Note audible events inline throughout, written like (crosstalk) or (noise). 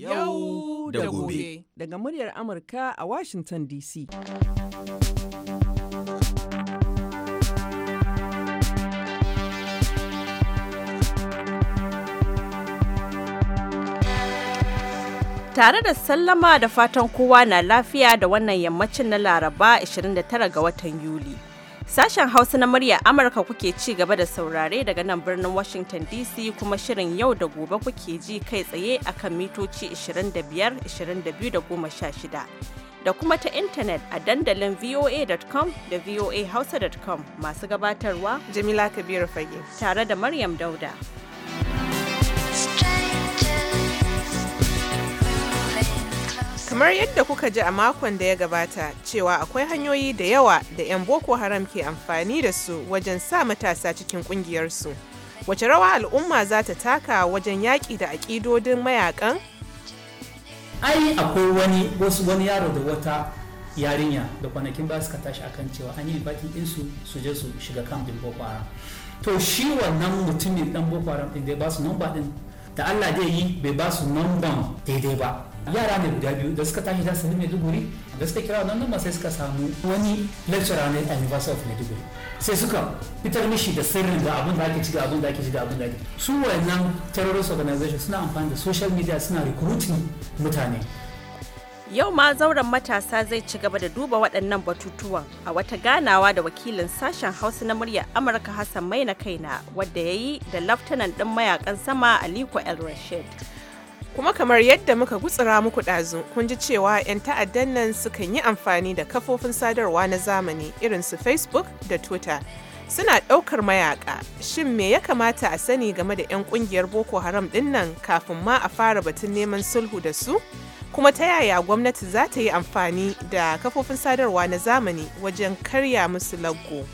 yau da gobe daga muryar amurka a washington dc tare da sallama da fatan kowa na lafiya da wannan yammacin na laraba 29 ga watan yuli Sashen Hausa na murya Amurka kuke ci gaba da saurare daga nan birnin Washington DC kuma shirin yau da gobe kuke ji kai tsaye akan mitoci 25, 22 da kuma ta intanet a dandalin voa.com da voahausa.com masu gabatarwa Jamila Kabiru Fage tare da Maryam Dauda. Kamar yadda kuka ji a makon da ya gabata cewa akwai hanyoyi da yawa da 'yan Boko Haram ke amfani da su wajen sa matasa cikin kungiyarsu. Wace rawa al'umma za ta taka wajen yaƙi da aƙidodin mayakan? Ai akwai wani wasu wani yaro da wata yarinya da kwanakin ba suka tashi akan cewa an yi batin ɗinsu su je su shiga din Boko Haram. To shi wannan mutumin dan Boko Haram din da ya ba su namba din da Allah zai yi bai ba su namban daidai ba. yara ne guda biyu da suka tashi da sanin maiduguri da suka kira wannan namba sai suka samu wani lecturer ne a university of maiduguri sai suka fitar mishi da sirrin da abin da ake ci da abin da ake ci da abin da ake su wayannan terrorist organization suna amfani da social media suna recruiting mutane Yau ma zauren matasa zai ci gaba da duba waɗannan batutuwan a wata ganawa da wakilin sashen Hausa na muryar Amurka Hassan mai na kaina wadda ya yi da laftanan ɗin mayakan sama Aliko El Rashid. kuma kamar yadda muka gutsura muku ɗazu kun ji cewa 'yan ta'addan nan sukan yi amfani da kafofin sadarwa na zamani irin su facebook da twitter suna ɗaukar mayaka shin me ya kamata a sani game da 'yan ƙungiyar boko haram ɗin nan kafin ma a fara batun neman sulhu da su kuma ta yaya gwamnati za ta yi amfani da kafofin sadarwa na zamani wajen karya musu laggo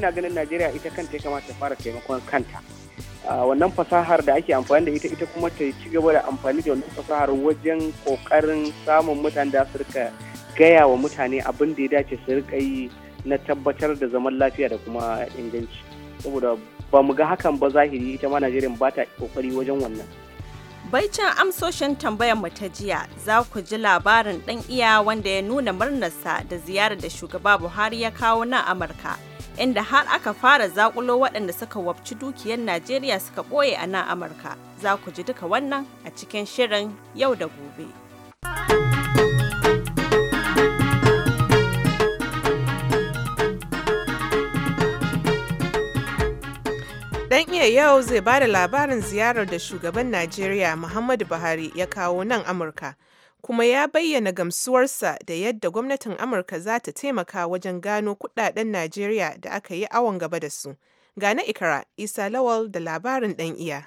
ina ganin najeriya ita kanta ya kamata ta fara taimakon kanta wannan fasahar da ake amfani da ita ita kuma ta ci gaba da amfani da wannan fasahar wajen kokarin samun mutane da su gaya wa mutane abin da ya dace su rika yi na tabbatar da zaman lafiya da kuma inganci saboda ba mu ga hakan ba zahiri ita ma Najeriya ba ta kokari wajen wannan Baicin amsoshin tambayar mu ta jiya za ku ji labarin dan iya wanda ya nuna murnarsa da ziyarar da shugaba Buhari ya kawo nan Amurka. inda har aka fara zakulo waɗanda suka wabci dukiyar Najeriya suka ɓoye a nan Amurka. Za ku ji duka wannan a cikin shirin yau da gobe. Dan iya yau zai ba da labarin ziyarar da shugaban Najeriya Muhammadu Buhari ya kawo nan Amurka. kuma ya bayyana gamsuwarsa da yadda gwamnatin Amurka za ta taimaka wajen gano kudaden Najeriya da aka yi awon gaba da su. Gane ikara, Isa Lawal da labarin ɗan iya.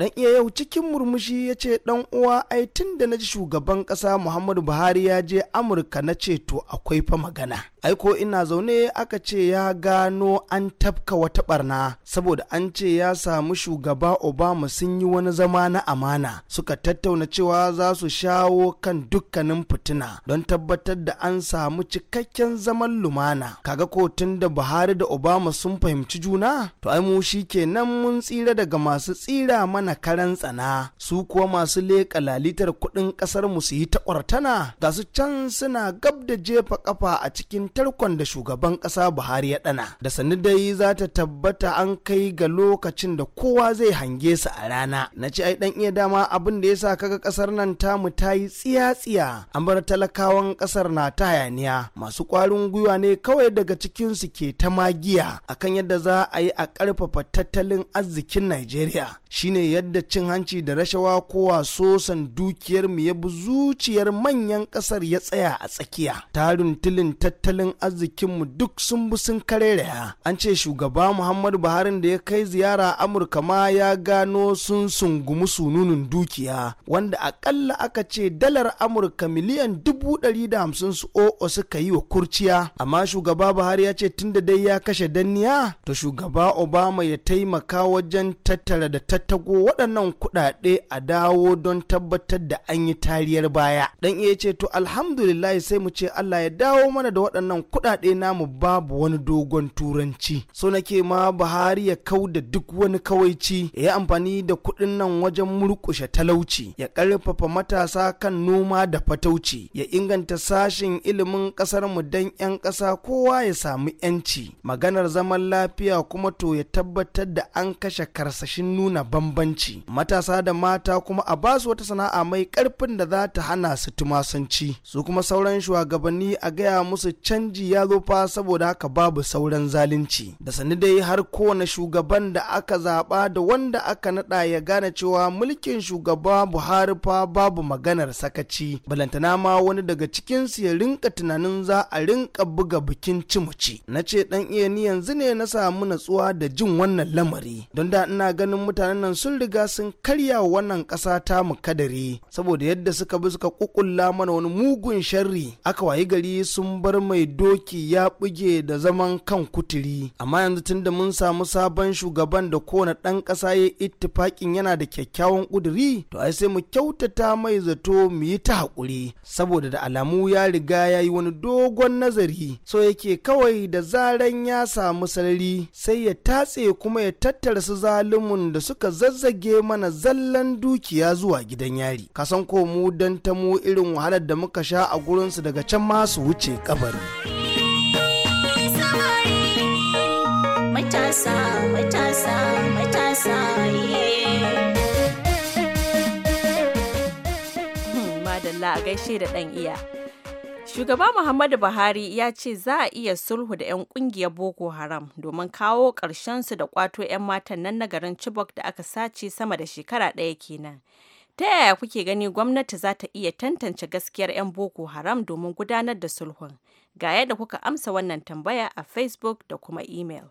dan iya yau cikin murmushi ya ce dan uwa ai tun da na ji shugaban kasa muhammadu buhari ya je amurka na ce to akwai fa magana ai ko ina zaune aka ce ya gano an tafka wata barna saboda an ce ya samu shugaba obama sun yi wani zama na amana suka tattauna cewa za su shawo kan dukkanin fitina don tabbatar da an samu cikakken zaman lumana kaga ko tun da buhari da obama sun fahimci juna to ai mu kenan mun tsira daga masu tsira mana mana karan tsana su kuwa masu leƙa lalitar kuɗin ƙasar mu su yi ta ƙwartana ga su can suna gab da jefa ƙafa a cikin tarkon da shugaban ƙasa Buhari ya ɗana da sani dai za ta tabbata an kai ga lokacin da kowa zai hange su a rana na ci ai dan iya dama abin da ya sa kaga ƙasar nan tamu ta yi tsiya-tsiya an bar talakawan ƙasar na ta hayaniya masu ƙwarin gwiwa ne kawai daga cikinsu ke ta magiya akan yadda za a yi a ƙarfafa tattalin arzikin Najeriya shine yadda cin hanci da rashawa ko waso san dukiyar mu ya bi zuciyar manyan kasar ya tsaya a tsakiya tarin tilin tattalin arzikinmu duk sun bi sun kareraya an ce shugaba muhammadu buhari da ya kai ziyara amurka ma ya gano sun sungumi sununun dukiya wanda akalla aka ce dalar amurka miliyan dubu ɗari da hamsin su o'o suka yi wa kurciya amma shugaba buhari ya ce tunda dai ya kashe danniya to shugaba obama ya taimaka wajen tattara da tattago waɗannan kuɗaɗe a dawo don tabbatar da an yi tariyar baya dan iya ce to alhamdulillah sai mu ce Allah ya dawo mana da waɗannan kuɗaɗe namu babu wani dogon turanci so nake ma Buhari ya kau da duk wani kawaici ya yi amfani da kuɗin nan wajen murƙushe talauci ya ƙarfafa matasa kan noma da fatauci ya inganta sashin ilimin ƙasar mu dan 'yan ƙasa kowa ya samu 'yanci maganar zaman lafiya kuma to ya tabbatar da an kashe karsashin nuna bambanci tumasanci matasa da mata kuma a basu wata sana'a mai karfin da za ta hana su tumasanci su kuma sauran shugabanni a gaya musu canji ya zo fa saboda haka babu sauran zalunci da sani dai har kowane shugaban da aka zaba da wanda aka nada ya gane cewa mulkin shugaba buhari fa babu maganar sakaci balantana ma wani daga cikin su ya rinka tunanin za a rinka buga bikin cimuci na ce dan iya ni yanzu ne na samu natsuwa da jin wannan lamari don da ina ganin mutanen nan sun riga sun karya wannan ƙasa ta mu kadari saboda yadda suka bi suka kukulla mana wani mugun sharri aka wayi gari sun bar mai doki ya buge da zaman kan kuturi amma yanzu tunda mun samu sabon shugaban da kowane ɗan ƙasa ya ittifaƙin yana da kyakkyawan ƙuduri to ai sai mu kyautata mai zato mu yi ta haƙuri saboda da alamu ya riga ya yi wani dogon nazari so yake kawai da zaran ya samu sarari sai ya tatse kuma ya tattara su zalumin da suka zazzage rage mana zallan dukiya zuwa gidan yari kasan ko mu dan ta mu irin wahalar da muka sha a gurinsu daga can ma su wuce kabari matasa hmm, a gaishe da ɗan iya Shugaba Muhammadu Buhari ya ce za a iya sulhu da 'yan kungiyar Boko Haram domin kawo su da kwato 'yan matan nan na garin Chibok da aka sace sama da shekara ɗaya kenan. Ta yaya kuke gani gwamnati za ta iya tantance gaskiyar 'yan Boko Haram domin gudanar da sulhun? Ga yadda kuka amsa wannan tambaya a Facebook da kuma email.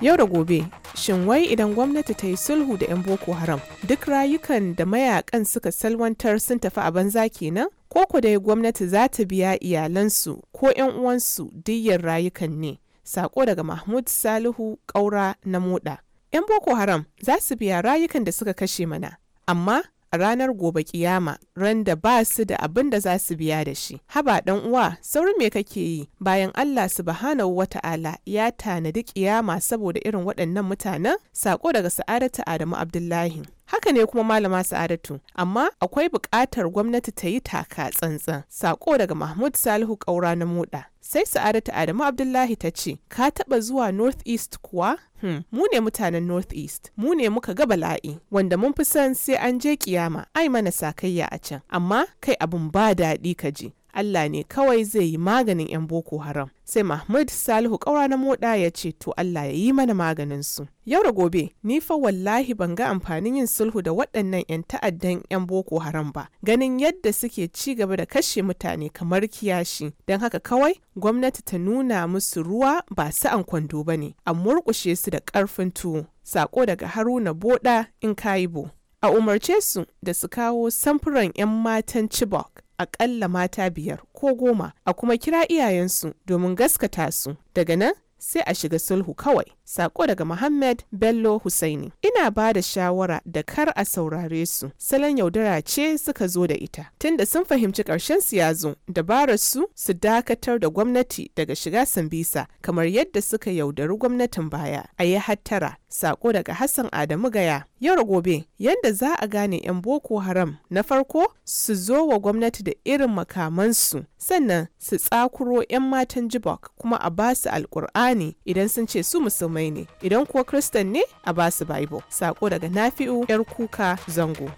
Yau da gobe Shin wai idan gwamnati ta yi sulhu da 'yan Boko Haram duk rayukan da mayakan suka salwantar sun tafi a banza kenan? Ko ku dai gwamnati za ta biya iyalansu ko 'yan uwansu diyyar rayukan ne? Sako daga Mahmud Salihu Kaura na Moda. 'Yan Boko Haram za su biya rayukan da suka kashe mana, amma a ranar gobe kiyama ran da ba su da abin da za su biya da shi haba ɗan uwa saurin me kake yi bayan Allah su subhanahu wata'ala ya tanadi kiyama saboda irin waɗannan mutanen sako daga sa'adatu Adamu Abdullahi haka ne kuma malama sa'adatu amma akwai buƙatar gwamnati ta yi taka tsantsan sako daga mahmud salihu ƙaura na moda Sai Sa'adatu Adamu Abdullahi ta ce, Ka taɓa zuwa North East kuwa? Hmm. Mu ne mutanen North East, mu ne muka ga bala'i, wanda mun fi son sai an je kiyama, ai mana sakayya a can, amma kai abin ba daɗi ka ji. Allah ne kawai zai yi maganin 'yan Boko Haram. Sai Mahmud Salihu ƙaura na moɗa ya ce to Allah ya yi mana maganin su. Yau da gobe, ni fa wallahi ban ga amfanin yin sulhu da waɗannan 'yan ta'addan 'yan Boko Haram ba. Ganin yadda suke ci gaba da kashe mutane kamar kiyashi. Don haka kawai gwamnati ta nuna musu ruwa ba sa'an kwando ba ne, a murƙushe su da ƙarfin tuwo. Sako daga Haruna boɗa in Kaibo. a umarce su da su kawo samfuran 'yan matan Chibok akalla mata biyar ko goma a kuma kira iyayensu domin gaskata su daga nan sai a shiga sulhu kawai. Sako daga Muhammad Bello Husaini. Ina ba da shawara da kar a saurare su. Salon yaudara ce suka zo da ita. Tunda sun fahimci ƙarshen su ya dabarar su su dakatar da gwamnati daga shiga Sambisa kamar yadda suka yaudari gwamnatin baya. A yi hattara. Sako daga Hassan Adamu Gaya. Yau gobe, yadda za a gane 'yan Boko Haram na farko su zo wa gwamnati da irin makamansu sannan su tsakuro 'yan matan Jibok kuma a basu alkur'ani ne idan sun ce su musulmai ne, idan kuwa Kristan ne a basu Bible. Sako daga Nafi'u 'yar kuka zango.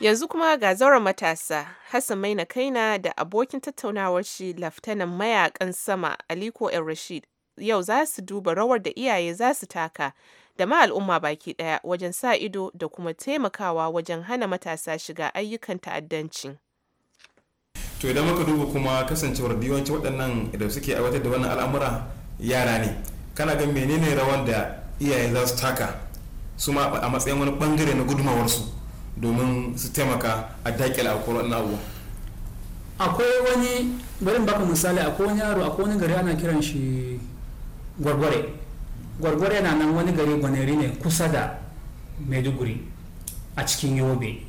Yanzu kuma ga zauren matasa, Hassan Maina Kaina da abokin tattaunawar shi Laftanan mayakan sama Aliko yan Rashid. Yau za su duba rawar da iyaye za su taka da ma al'umma baki ɗaya wajen sa ido da kuma taimakawa wajen hana matasa shiga ayyukan ta'addanci. to idan muka duba kuma kasancewar yawanci waɗannan da suke aiwatar da wannan al'amura yara ne kana ga menene rawar da iyaye za su taka su ma a matsayin wani bangare na gudumawarsu domin su taimaka a daƙil a na abu akwai wani barin baka misali akwai wani yaro akwai wani gari ana kiran shi gwargware Gwargware yana nan wani gari gwaneri ne kusa da maiduguri a cikin yobe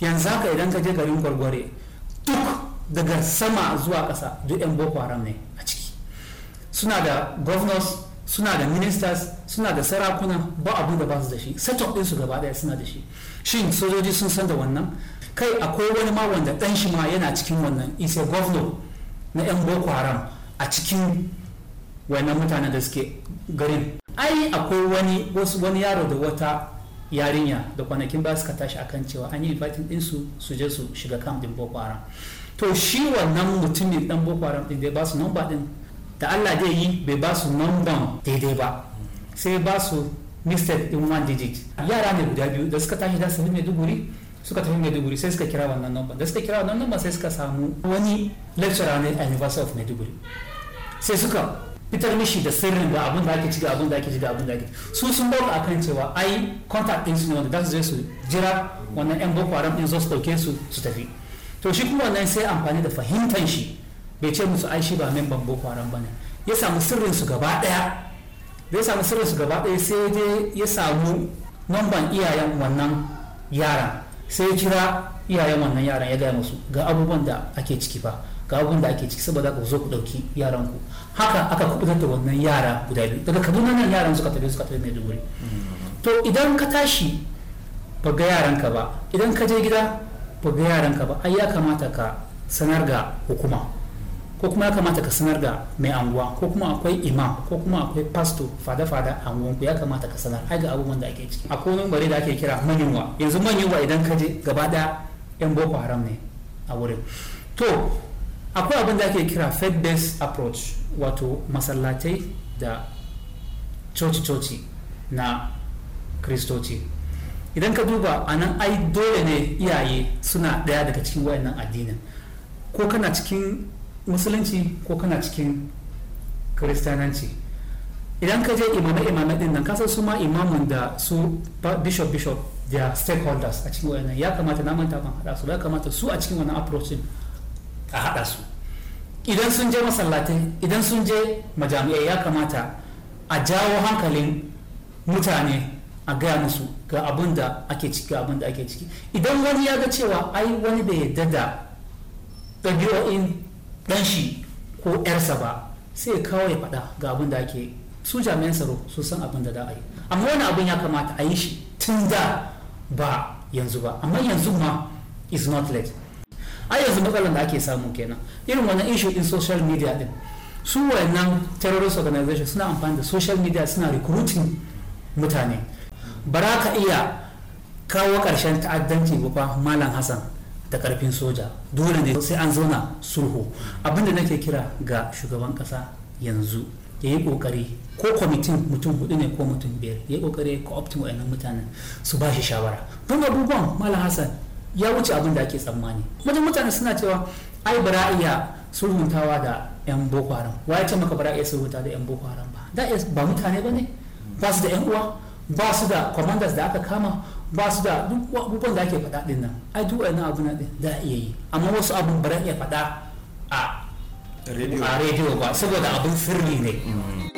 yanzu haka idan ka je garin gwargware duk daga sama zuwa ƙasa duk 'yan boko haram ne a ciki suna da governors suna da ministers suna da sarakuna ba abin da ba su da shi setup ɗinsu gaba ɗaya suna da shi shin sojoji sun san da wannan kai akwai wani ma wanda ɗan shi ma yana cikin wannan isa governor na 'yan boko haram a cikin wannan mutanen da suke garin ai akwai wani wani yaro da wata yarinya da kwanakin ba suka tashi akan cewa an yi fatin din su su je su shiga kam din boko haram to shi wannan mutumin dan boko haram din da ba su number din da Allah zai yi bai ba su number daidai ba sai ba su mistake din one digit yara ne guda biyu da suka tashi da su ne duguri suka tafi Maiduguri sai suka kira wannan nomba da suka kira wannan nomba sai suka samu wani lecturer ne anniversary University of Maiduguri sai suka fitar mishi da sirrin ga abin da ake ci ga abin da ake ci ga abin da ake su sun a kan cewa ai contact ɗin su ne wanda za su jira wannan yan boko haram din zo su dauke su su tafi to shi kuma wannan sai amfani da fahimtar shi bai ce musu ai shi ba memban boko haram bane ya samu sirrin su gaba daya zai samu sirrin su gaba daya sai dai ya samu namban iyayen wannan yaran sai ya kira iyayen wannan yaran ya gaya musu ga abubuwan da ake ciki fa ga abin da ake ciki saboda ka zo ku dauki yaran ku haka aka kubutar da wannan yara guda biyu daga kaduna nan yaran suka tafi suka tafi maiduguri to idan ka tashi ba ga yaran ka ba idan ka je gida ba ga yaran ka ba ai ya kamata ka sanar ga hukuma ko kuma ya kamata ka sanar ga mai anguwa ko kuma akwai imam ko kuma akwai pasto fada-fada a anguwanku ya kamata ka sanar ai ga abubuwan da ake ciki akwai wani bare da ake kira manyanwa yanzu manyanwa idan ka je gaba ɗaya yan boko haram ne a wurin to akwai abin da ake kira faith based approach wato masallatai da coci-coci na kristoci idan ka duba a nan ai dole ne iyaye suna daya daga cikin wayannan addinin ko kana cikin musulunci ko kana cikin kristananci idan ka je imame-imame din nan kasar su ma imamun da su bishop bishop da stakeholders a cikin wayannan ya kamata na manta ban haɗa su ya kamata su a cikin wannan approach a haɗa su idan sun je masallatai idan sun je majami'ai ya kamata a jawo hankalin mutane a gaya musu ga abin da ake ciki abin da ake ciki idan wani ya ga cewa ai wani bai yadda da ɗabi'o'in ɗan shi ko ƴarsa ba sai ya kawo ya faɗa ga abin da ake su jami'an tsaro su san abin da za a yi amma wani abin ya kamata a yi shi tun da ba yanzu ba amma yanzu ma is not late ai yanzu matsalar da ake samu kenan irin wannan issue din social media din su wayannan terrorist organization suna amfani da social media suna recruiting mutane bara ka iya kawo karshen ta'addanci ba malam hassan da karfin soja dole ne sai an zauna sulhu abinda nake kira ga shugaban kasa yanzu ya yi kokari ko kwamitin mutum hudu ne ko mutum biyar ya yi kokari ko optimal mutane mutanen su ba shi shawara don abubuwan malam hassan ya wuce abin da ake tsammani wajen mutane suna cewa ai bara iya sulhuntawa da yan boko haram ya ce maka bara iya sulhunta da yan boko haram ba da ba mutane ba ne ba su da yan uwa ba su da commanders da aka kama ba su da duk abubuwan da ake faɗa ɗin nan ai duk wani abu na da iya yi amma wasu abu bara iya faɗa a rediyo ba saboda abun sirri ne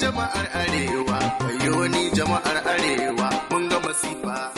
jama'ar arewa yoni jama'ar arewa mun ga masifa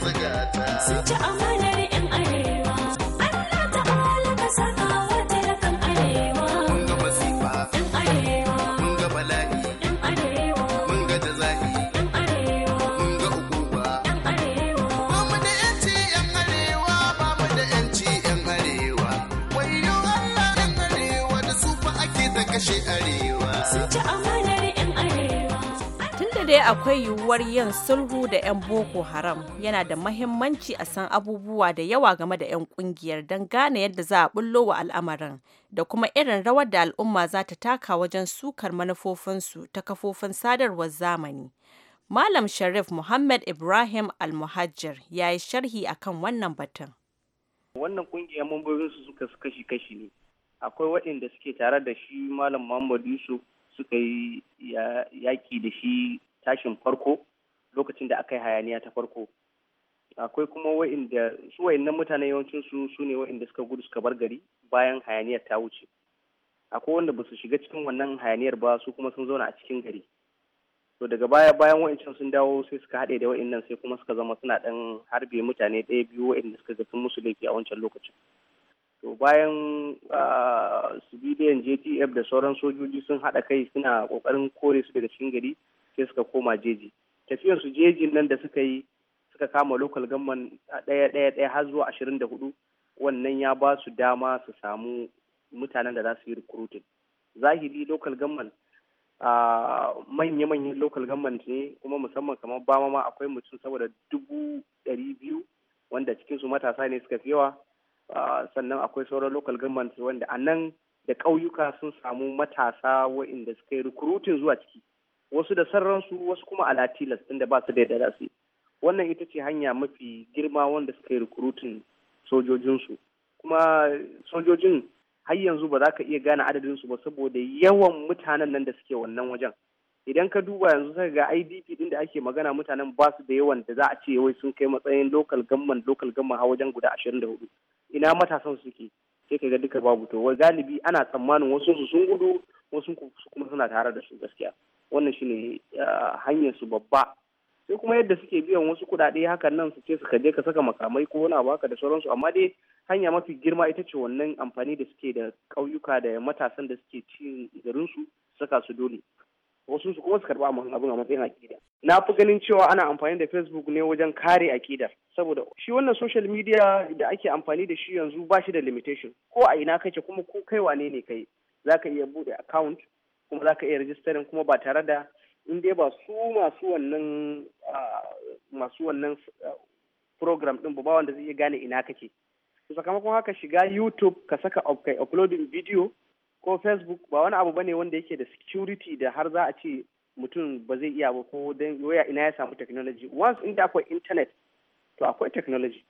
buga ta. Sun ci amanar akwai yiwuwar yin sulhu da 'yan Boko Haram yana da mahimmanci a san abubuwa da yawa game da 'yan kungiyar don gane yadda za a bullo wa al'amarin da kuma irin rawar da al'umma za ta taka wajen sukar manufofinsu ta kafofin sadarwar zamani. Malam Sharif Muhammad Ibrahim almuhajjar ya yi sharhi akan wannan batun. Wannan kungiyar mambobinsu suka kashi-kashi ne. Akwai waɗanda suke tare da shi Malam Muhammad Yusuf suka yi yaƙi da shi tashin farko lokacin da aka yi hayaniya ta farko akwai kuma wa'inda su wa'innan mutane yawancin su su ne wa'inda suka gudu suka bar gari bayan hayaniyar ta wuce akwai wanda ba su shiga cikin wannan hayaniyar ba su kuma sun zauna a cikin gari to daga baya bayan wa'incan sun dawo sai suka haɗe da wa'innan sai kuma suka zama suna ɗan harbe mutane ɗaya biyu wa'inda suka ga sun musu laifi a wancan lokacin to bayan civilian ah, jtf da sauran sojoji sun haɗa kai suna ƙoƙarin kore su daga cikin gari sai suka koma jeji tafiyar su jeji nan da suka yi suka kama local government ɗaya ɗaya ɗaya har zuwa ashirin da hudu wannan ya ba su dama su samu mutanen da za su yi recruiting zahiri local government manya-manyan local government ne kuma musamman kamar bama ma akwai mutum saboda dubu ɗari biyu wanda cikinsu matasa ne suka fi yawa sannan akwai sauran local government wanda a nan da ƙauyuka sun samu matasa waɗanda suka yi rikurutin zuwa ciki wasu da sarransu wasu kuma a ɗin inda ba su da yadda su wannan ita ce hanya mafi girma wanda suka yi rikurutun sojojinsu kuma sojojin har yanzu ba za ka iya gane adadinsu ba saboda yawan mutanen nan da suke wannan wajen idan ka duba yanzu sai ga idp din da ake magana mutanen ba su da yawan da za a ce wai sun kai matsayin local gamman local gamman a wajen guda ashirin da hudu ina matasan suke sai ka ga duka babu to galibi ana tsammanin wasu su sun gudu wasu kuma suna tare da su gaskiya wannan shine hanyar su babba sai kuma yadda suke biyan wasu kuɗaɗe hakan nan su ce su kaje ka saka makamai ko wani abu haka da sauransu amma dai hanya mafi girma ita ce wannan amfani da suke da ƙauyuka da matasan da suke cin su saka su dole wasu su kuma su karba abin a matsayin akida na fi ganin cewa ana amfani da facebook ne wajen kare akida saboda shi wannan social media da ake amfani da shi yanzu ba shi da limitation ko a ina kake kuma ko kai wane ne kai zaka iya buɗe account kuma za ka iya rijistarin kuma ba tare da in dai ba su masu wannan program din ba wanda zai iya gane ina kake sakamakon haka shiga youtube ka saka kai uploading video ko facebook ba wani abu bane wanda yake da security da har za a ce mutum ba zai iya ba ko dan waya ina ya samu technology once inda akwai internet to akwai technology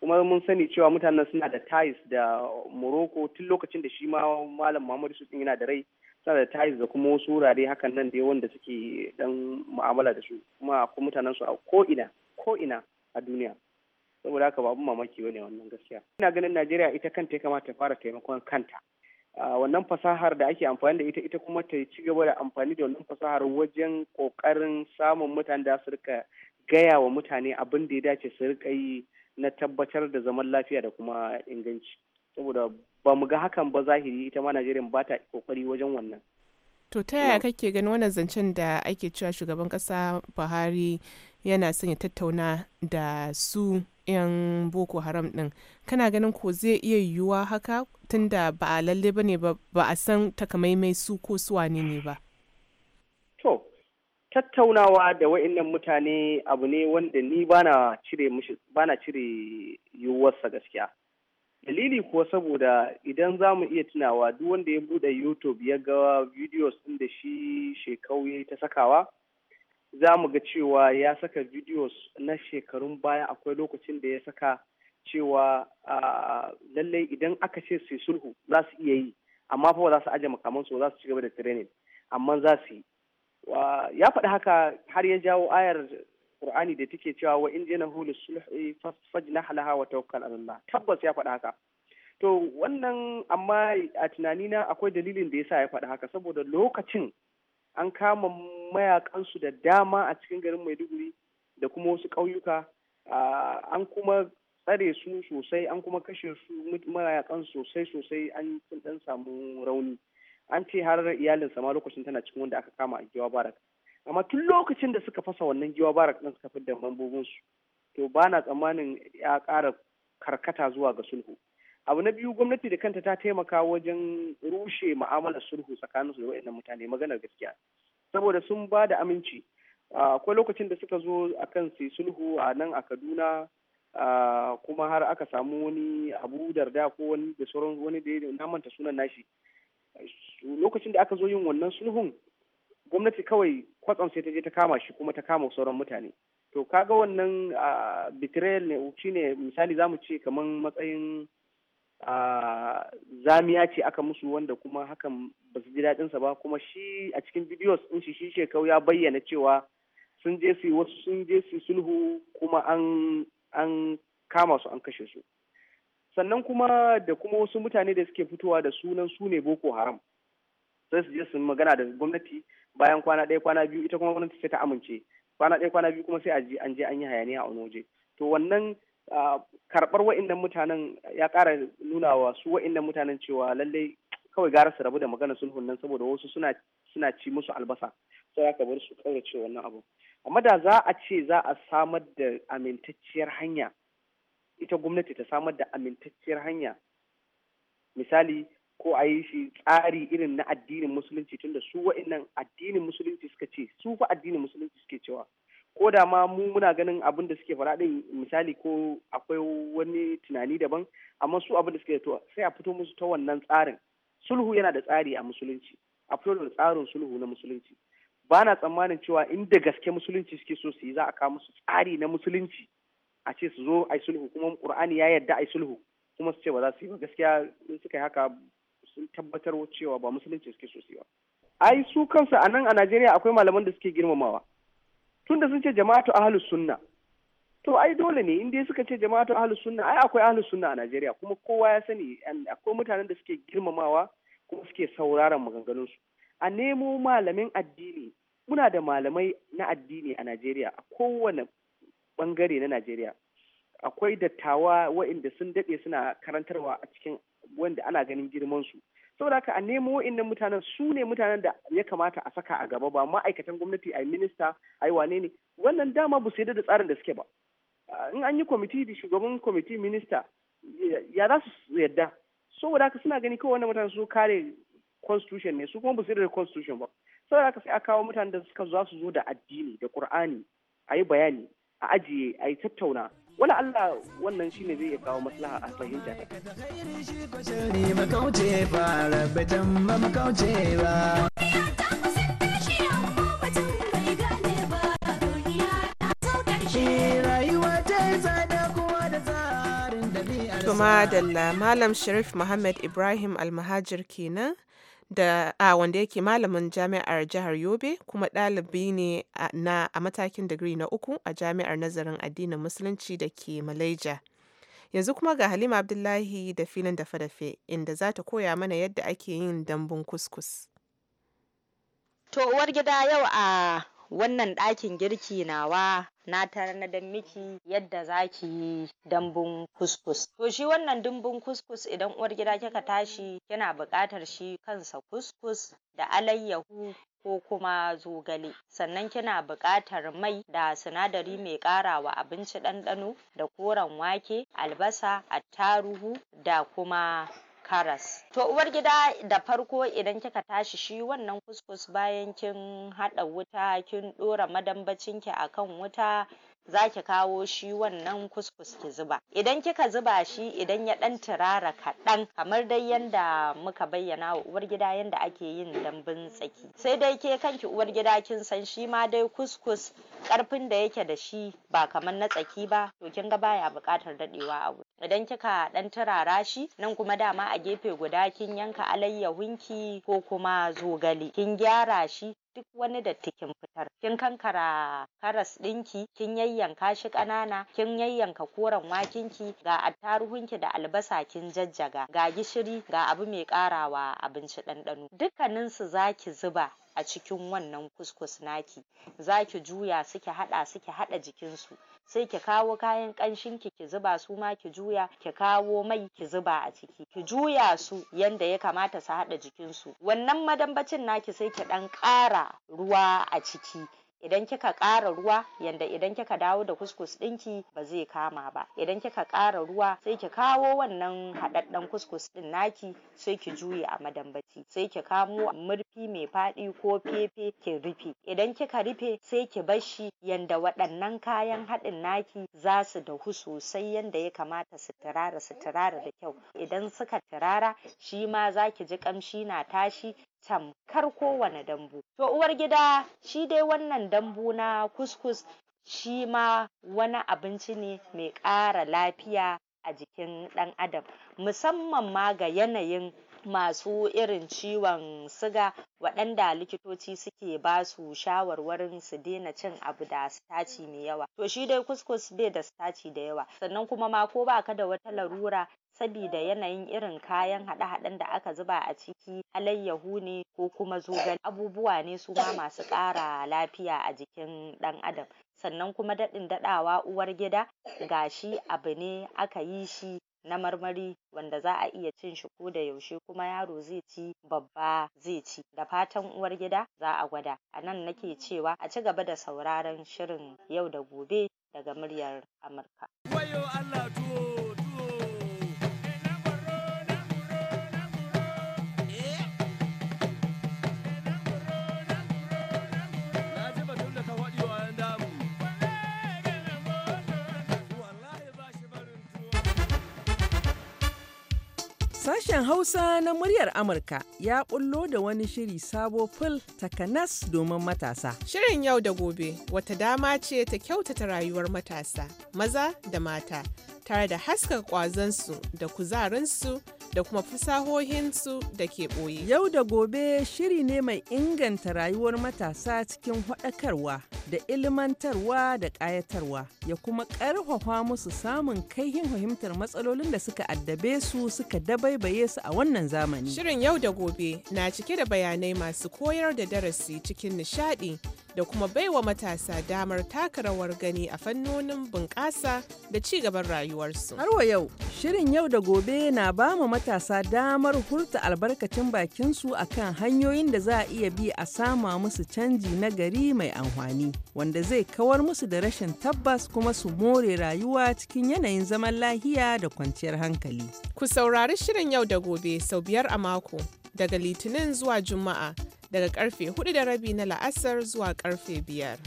kuma mun sani cewa mutanen suna da ties da morocco tun lokacin da shi ma malam muhammadu sutsin yana da rai sada da da kuma wasu wurare hakan nan dai wanda suke dan mu'amala da su kuma akwai mutanen su a ko ina a duniya saboda haka babu mamaki bane wannan gaskiya ina ganin najeriya ita kanta ya kamata ta fara taimakon kanta wannan fasahar da ake amfani da ita ita kuma ta ci gaba da amfani da wannan fasahar wajen kokarin samun mutane da su rika gaya wa mutane abin da ya dace su rika yi na tabbatar da zaman lafiya da kuma inganci saboda ba mu ga hakan ba zahiri ita ma Najeriya ba ta kokari wajen wannan. To ta yaya kake ganin wannan zancen da ake cewa shugaban kasa Buhari yana son ya tattauna da su 'yan Boko Haram din. Kana ganin ko zai iya yiwuwa haka tunda ba a lalle ba ba a san takamaimai su ko su wane ne ba. To, tattaunawa da wa'annan mutane abu ne wanda ni bana cire bana cire yiwuwarsa gaskiya. dalili kuwa saboda idan za mu iya tunawa duk wanda ya bude youtube ya ga videos ɗin da shi shekau ya ta sakawa za mu ga cewa ya saka videos na shekarun baya akwai lokacin da ya saka cewa lallai idan aka ce su sulhu za su iya yi amma fa za su aje makamansu za su ci gaba da training amma za su yi ya faɗi haka har ya jawo ayar Qur'ani da take cewa wa in jina hulu sulhi fajnah laha wa tawakkal Allah tabbas ya fada haka to wannan amma a na akwai dalilin da yasa ya fada haka saboda lokacin an kama mayakansu da dama a cikin garin Maiduguri da kuma wasu ƙauyuka an kuma tsare su sosai an kuma kashe su mayakan sosai sosai an dan samu rauni an ce har iyalinsa ma lokacin tana cikin wanda aka kama a giwa barak amma tun lokacin da suka fasa wannan giwa barak ɗin suka fidda su to ba na tsammanin ya ƙara karkata zuwa ga sulhu abu na biyu gwamnati da kanta ta taimaka wajen rushe ma'amalar sulhu tsakanin su da waɗannan mutane maganar gaskiya saboda sun ba da aminci akwai lokacin da suka zo a kan su sulhu a nan a kaduna kuma har aka samu wani abu da ko wani da sauran wani da ya manta sunan nashi lokacin da aka zo yin wannan sulhun gwamnati kawai kwatsam sai ta je ta kama shi kuma ta kama sauran mutane to kaga wannan betrayal ne ne misali zamu ce kamar matsayin zamiya ce aka musu wanda kuma hakan ba su ji sa ba kuma shi a cikin videos din shi shi shekau ya bayyana cewa sun je su wasu sun je su sulhu kuma an an kama su an kashe su sannan kuma da kuma wasu mutane da suke fitowa da sunan su ne boko haram sai su je su magana da gwamnati bayan kwana ɗaya kwana biyu ita kuma gwamnati sai ta amince kwana ɗaya kwana biyu kuma sai a je an je an yi hayaniya a wani waje to wannan karɓar wa'innan mutanen ya ƙara nuna wa su wa'innan mutanen cewa lallai kawai gara su rabu da magana sulhun nan saboda wasu suna suna ci musu albasa sai aka bar su kaurace wannan abu amma da za a ce za a samar da amintacciyar hanya ita gwamnati ta samar da amintacciyar hanya misali ko a yi shi tsari irin na addinin musulunci tunda su wa'annan addinin musulunci suka ce su fa addinin musulunci suke cewa ko da ma mu muna ganin abin da suke fara din misali ko akwai wani tunani daban amma su abin da suke to sai a fito musu ta wannan tsarin sulhu yana da tsari a musulunci a fito da tsarin sulhu na musulunci ba na tsammanin cewa inda gaske musulunci suke so su yi za a kawo musu tsari na musulunci a ce su zo a yi sulhu kuma qur'ani ya yarda a yi sulhu kuma su ce ba za su yi ba gaskiya in suka yi haka sun tabbatar cewa ba musulunci suke yi ba ai su kansa a nan a Najeriya akwai malaman da suke girmamawa tunda sun ce jama'atu ahlus sunna to ai dole ne in suka ce jama'atu ahlus sunna ai akwai ahlus sunna a Najeriya kuma kowa ya sani akwai mutanen da suke girmamawa kuma suke sauraron maganganun su a nemo malamin addini muna da malamai na addini a Najeriya a kowane bangare na Najeriya akwai dattawa waɗanda sun daɗe suna karantarwa a cikin wanda ana ganin girman su saboda haka a nemo wa'annan mutanen su ne mutanen da ya kamata a saka a gaba ba ma'aikatan gwamnati a minista a yi wane ne wannan dama ba su yadda da tsarin da suke ba in an yi kwamiti da shugaban kwamiti minista ya za su yadda saboda haka suna gani kawai wannan mutanen su kare constitution ne su kuma ba su yadda da constitution ba saboda haka sai a kawo mutanen da suka za su zo da addini da qur'ani a yi bayani a ajiye a yi tattauna wani Allah wannan shine zai iya kawo maslaha a fahimta ta Tuma Dalla Malam Sharif Muhammad Ibrahim Almahajir kenan da a wanda yake malamin jami'ar jihar Yobe kuma ɗalibi ne na a matakin digiri na uku a jami'ar nazarin addinin musulunci da ke Malaysia. Yanzu kuma ga Halima Abdullahi da filin dafe-dafe inda za ta koya mana yadda ake yin dambun kuskus. To uwar gida yau a wannan ɗakin girki nawa na dan miki yadda za ki yi dambun kuskus. To shi wannan dambun kuskus idan uwar gida kika tashi kina buƙatar shi kansa kuskus da alayyahu ko kuma zogale sannan kina buƙatar mai da sinadari mai ƙarawa abinci ɗanɗano da koren wake albasa attaruhu da kuma karas. To uwar gida da farko idan kika tashi shi wannan kuskus bayan kin haɗa wuta kin ɗora madambacin ki akan wuta za ki kawo shi wannan kuskus ki zuba. Idan kika zuba shi idan ya ɗan turara kaɗan kamar dai yanda muka bayyana wa uwar gida yanda ake yin dambun tsaki. Sai dai ke kanki uwar gida kin san shi ma dai kuskus ƙarfin da yake da shi ba kamar na tsaki ba to kin ga baya buƙatar daɗewa a Idan kika ɗan turara shi nan kuma dama a gefe guda kin yanka alayyahunki ko kuma zogale kin gyara shi duk wani datti kin fitar kin kankara karas ɗinki kin yayyanka shi ƙanana kin yayyanka koren wakinki ga attaruhunki da albasa kin jajjaga ga gishiri ga abu mai ƙarawa abinci ɗanɗano dukkaninsu zaki zuba a cikin wannan kuskus naki zaki juya su haɗa su haɗa jikinsu sai ki kawo kayan ƙanshin ki ki zuba su ma ki juya ki kawo mai ki zuba a ciki ki juya su yanda ya kamata su haɗa jikinsu wannan madambacin naki sai ki ɗan ƙara ruwa a ciki idan kika ƙara ruwa yanda idan kika dawo da kuskus ɗinki ba zai kama ba idan kika ƙara ruwa sai ki kawo wannan haɗaɗɗen kuskus ɗin naki sai ki juye a madambaci sai ki kamo murfi mai faɗi ko fefe ki rufe idan kika rufe sai ki bar shi yanda waɗannan kayan haɗin naki za su dahu sosai yanda ya kamata su turara su turara da kyau idan suka turara shi ma za ki ji ƙamshi na tashi tamkar kowane dambu. To uwar gida shi dai wannan dambu na kuskus shi ma wani abinci ne mai ƙara lafiya a jikin ɗan adam musamman ma ga yanayin masu irin ciwon siga waɗanda likitoci suke ba su shawarwarin su daina cin abu da sitaci mai yawa. To shi dai kuskus bai da sitaci da yawa sannan kuma ma ko ba ka da wata larura sabida yanayin irin kayan haɗe-haɗen da aka zuba a ciki alayyahu ne ko kuma zogale abubuwa ne su ma masu ƙara lafiya a jikin ɗan adam sannan kuma daɗin daɗawa uwar gida shi abu ne aka yi shi na marmari wanda za a iya cin shi ko da yaushe kuma yaro zai ci babba zai ci da fatan uwar gida za a gwada a nan nake cewa a ci gaba da sauraron shirin yau da gobe daga muryar Amurka. Sashen Hausa na muryar Amurka ya ƙullo da wani shiri sabo fil takanas domin matasa. Shirin yau da gobe wata dama ce ta kyautata rayuwar matasa, maza da mata, tare da haska kwazansu da kuzarinsu da kuma fasahohinsu da ke ɓoye. Yau da gobe shiri ne mai inganta rayuwar matasa cikin haɗakarwa da ilmantarwa da ƙayatarwa ya kuma ƙarfafa musu samun kaihin fahimtar matsalolin da suka addabe su suka dabaibaye su a wannan zamani. Shirin yau da gobe na cike da bayanai masu koyar da darasi cikin nishaɗi da kuma baiwa matasa damar taka rawar gani a fannonin bunƙasa da ci gaban rayuwarsu. Har wa yau, shirin yau da gobe na ba mu matasa damar hurta albarkacin bakinsu a kan hanyoyin da za a iya bi a sama musu canji na gari mai amfani, wanda zai kawar musu da rashin tabbas kuma su more rayuwa cikin yanayin zaman lahiya da kwanciyar hankali. Ku saurari shirin yau da gobe sau biyar a mako daga Litinin zuwa Juma'a daga karfe 4 da rabi na la'asar zuwa karfe biyar.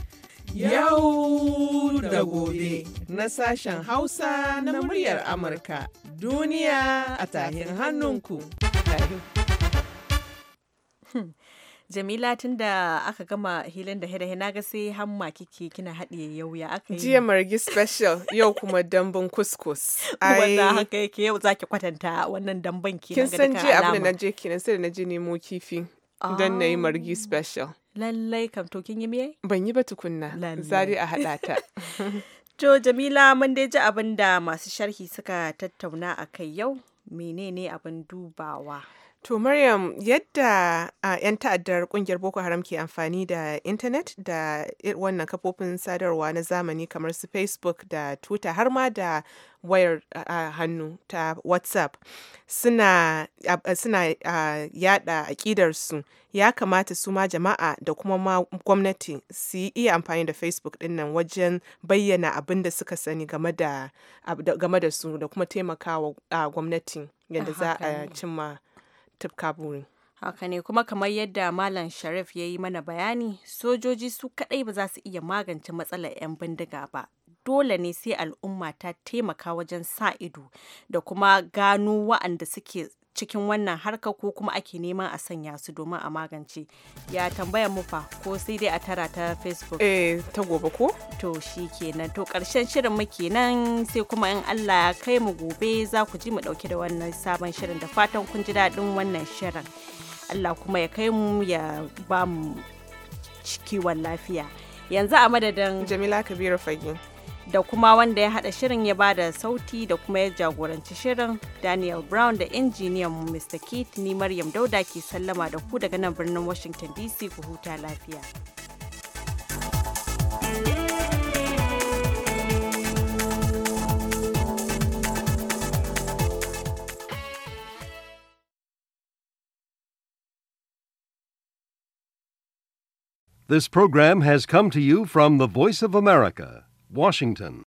Yau da gobe na sashen Hausa na muryar Amurka duniya a tahin hannunku. Hmm. Jamila tun da aka gama hilin da hira na ga sai hamma kike kina haɗiye yau ya aka yi. Jiya margi special yau kuma dambun kuskus. Wanda (laughs) haka yake yau zaki kwatanta wannan damban ke Kin san je abin da na je kenan sai da na je nemo kifi. Don na yi margi ah. special. Lallai kam to kin yi miye? Ban yi ba tukunna. Zari a haɗa ta. (laughs) To Jamila mun dai ji abin da masu sharhi suka tattauna a kai yau menene abin dubawa. To Maryam, yadda a 'yan ta'addar ƙungiyar Boko Haram ke amfani da intanet da wannan kafofin sadarwa na zamani kamar su Facebook da Twitter har ma da wayar uh, hannu ta WhatsApp suna, uh, suna uh, yada aƙidarsu ya kamata su ma jama'a da kuma ma gwamnati su iya amfani da Facebook ɗinnan wajen bayyana abin da suka sani game da, su da kuma taimakawa uh, gwamnati yadda za a cimma. tufka burin haka ne kuma kamar yadda malam sharif ya yi mana bayani sojoji su kadai ba za su iya magance matsalar 'yan bindiga ba dole ne sai al'umma ta taimaka wajen sa ido da kuma gano wa'anda suke cikin wannan harka ko kuma ake neman a sanya su domin a magance ya tambaya mu fa ko sai dai a tara ta facebook eh ta gobe ko to shi kenan to karshen shirin mu kenan sai kuma in Allah ya kai mu gobe za ku ji mu dauke da wannan sabon shirin da fatan kun ji daɗin wannan shirin Allah kuma ya kai mu ya ba mu kiwon lafiya yanzu a madadin jamila kabiru fage da kuma wanda ya hada shirin ya bada sauti da kuma ya jagoranci shirin Daniel Brown da injiniyan Mr. Keith ni Maryam Dauda ke sallama da ku daga nan birnin Washington DC ku huta lafiya. This program has come to you from the Voice of America. Washington.